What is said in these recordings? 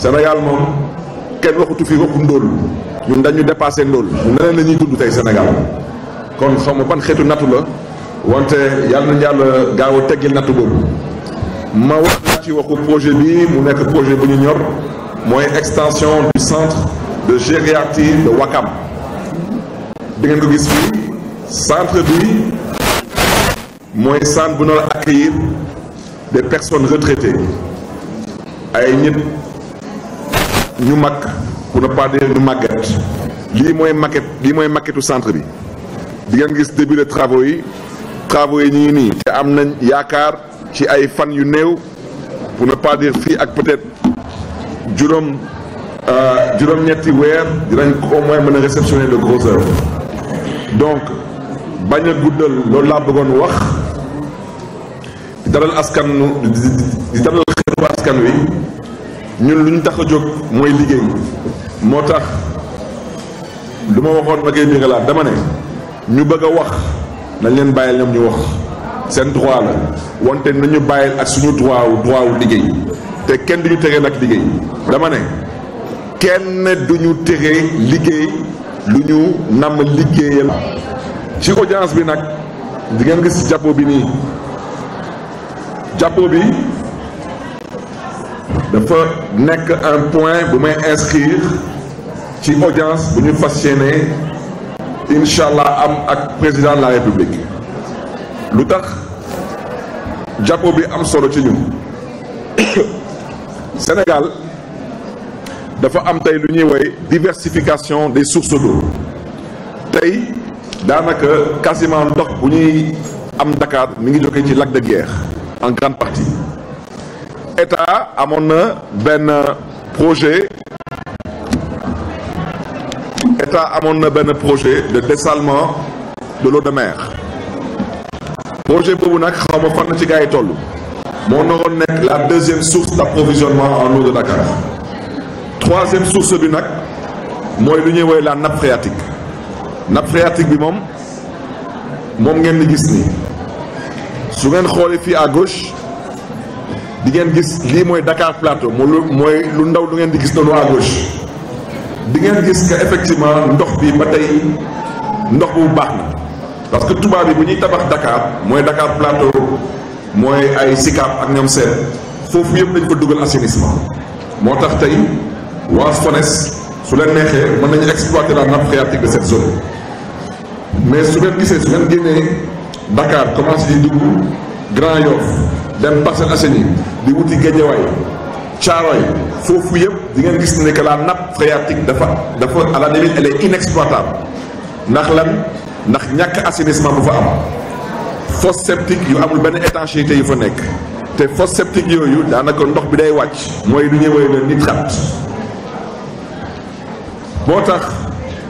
Sénégal moom kenn waxutu fi waxu ndóol ñun dañu dépassé ndóol neneen la ñuy dund tey Sénégal kon xaw ma ban xeetu nattu la wante yàlla na yàlla gaaw a teggil nattu boobu ma wax ci waxu projet bi mu nekk projet bu ñu ñor mooy extension du centre de gériatrie de Wakam di ngeen ko gis fii centre bi mooy centre bu noonu accueillir des personnes retraitées ay ñit ñu mag pour ne pas dire ñu màgget lii mooy maquette lii mooy maquettu centre bi di ngeen gis début de travaux yi travaux yi ñu nii te am nañ yaakaar ci ay fan yu néew pour ne pas dire fii ak peut juróom euh, juróom-ñetti weer dinañ ko au moins mën a réceptionner de grosses œuvres donc bañ a guddal loolu laa bëggoon wax di dalal askan di dalal xeetu askan wi ñun lu ñu tax a jóg mooy liggéey moo tax lu ma waxoon ma koy biiralaat dama ne ñu bëgg a wax nañ leen bàyyil ñoom ñu wax seen droit la wante nañu bàyyil ak suñu droit wu liggéey te kenn du ñu tere nag liggéey dama ne kenn du ñu tere liggéey lu ñu namm liggéeyal ci audience bi nag di ngeen gis jàppo bi nii jàppo bi dafa nekk un point bu may inscrire ci audience bu ñu fas yéene incha allah am ak président de la république lu tax jàppo bi am solo ci ñun Sénégal dafa am tey lu ñuy woy diversification des sources d'eau tey daanaka quasiment ndox bu ñuy am Dakar mi ngi jóge ci lac de Guiers en grande partie état amoon na benn projet état amoon na benn projet de dessalement de l'eau de mer projet boobu nag xaw ma fan ci gars yi toll moo naroon nekk la deuxième source d'approvisionnement en eau de Dakar troisième source bi nag mooy lu ñuy woowee la nappe phréatique nappe phréatique bi moom moom ngeen di gis nii su ngeen xoolee fii à gauche di ngeen gis lii mooy Dakar Plateau moo lu mooy lu ndaw lu ngeen di gis noonu à gauche di ngeen gis que effectivement ndox bi ba tey ndox bu baax na parce que tubaab yi bu ñuy tabax dakaar mooy dakaar Plateau mooy ay Sicap ak ñoom seen foofu yëpp dañ ko dugal assainissement moo tax tey waa FONES su leen neexee mën nañu exploiter la nappe phréatique de cette zone mais su ngeen gisee su ngeen génnee Dakar commencé di dugg Grand Yoff dem Parcelles Assainies di wuti Guédiawaye Thiaroye foofu yëpp di ngeen gis ne que la nappe phréatique dafa dafa à la limite elle est inexploitable ndax lan ndax ñàkk assainissement bu fa am fosse septique yu amul benn étanchéité yu fa nekk te fosse septique yooyu daanaka ndox bi day wàcc mooy lu ñuy woy le nitrate moo tax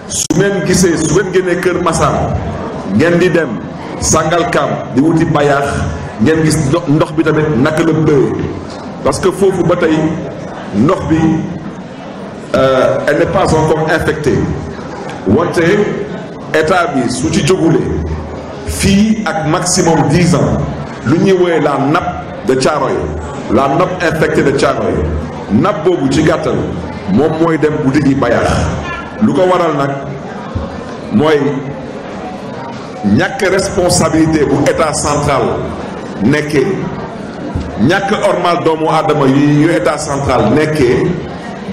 su ngeen gisee su ngeen génnee Kër Massar ngeen di dem Sangalkam di wuti Bayaax ngeen gis ndox bi tamit naka la bëyee parce que foofu ba tey ndox bi euh, elle n'est pas encore wante état bi su ci jógulee fii ak maximum dix ans lu ñuy woowee la nappe de Thiaroye la nappe infectée de Thiaroye nappe boobu ci gàttal moom mooy dem bu diggi bayaax lu ko waral nag mooy ñàkk responsabilité bu état central nekkee ñàkk ormal doomu aadama yu yu état central nekkee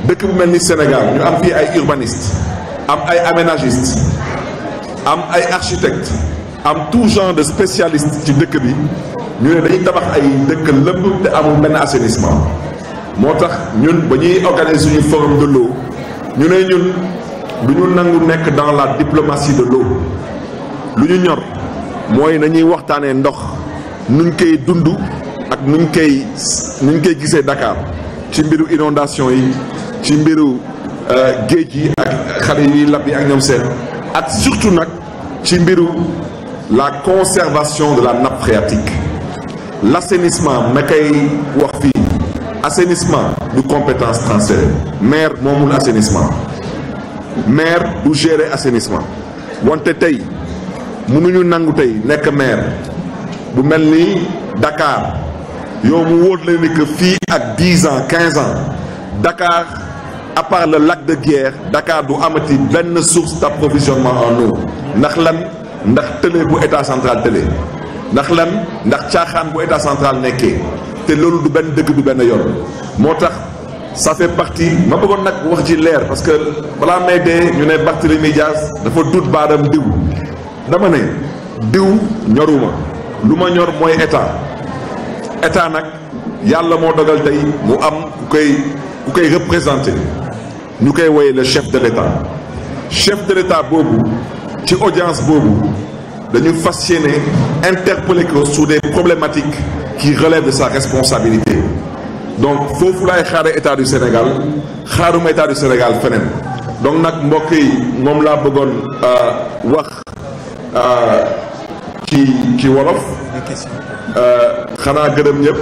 dëkk bu mel ni Sénégal ñu am fii ay urbaniste am ay aménagiste am ay architecte am tout genre de spécialiste ci dëkk bi ñu ne dañuy tabax ay dëkk lépp te amul benn assainissement moo tax ñun ba ñuy organiser suñu forum de l'eau ñu ne ñun lu ñu nangu nekk dans la diplomatie de l'eau lu ñu ñor mooy nañuy waxtaanee ndox nuñ koy dund ak nuñ koy nuñ koy gisee Dakar ci mbiru inondation yi ci mbiru euh, géej yi ak xale yi lab yi ak ñoom seen ak surtout nag ci mbiru la conservation de la nappe phréatique l' assainissement ma koy wax fii assainissement du compétence transférée maire moomul assainissement maire du gérer assainissement wante tey mënuñu nangu tey nekk maire bu mel ni Dakar yow mu wóor la ni que fii ak dix ans quinze ans Dakar à la le lac de du amati benn source d'approvisionnement en ndax lan ndax télé bu état central télé ndax lan ndax caaxaan bu état central nekkee te loolu du benn dëgg du benn yoon moo tax ça fait partie ma bëggoon nag wax ji leer parce que balaa may dee ñu ne Barthélémy Dias dafa dut baaram diw dama ne diw ñoruma lu ma ñor mooy état état nag yàlla moo dogal tey mu am ku koy ku koy représenté ñu koy woyee le chef de l'état chef de l'état boobu ci audience boobu dañu fas yéene interpeller ko sur des problématiques qui relèvent de sa responsabilité donc foofu laay xaare état du Sénégal xaaruma état du Sénégal feneen donc nag mbokk yi moom laa bëggoon euh, wax. Euh, ci ci wolof. Euh, xanaa gërëm ñëpp.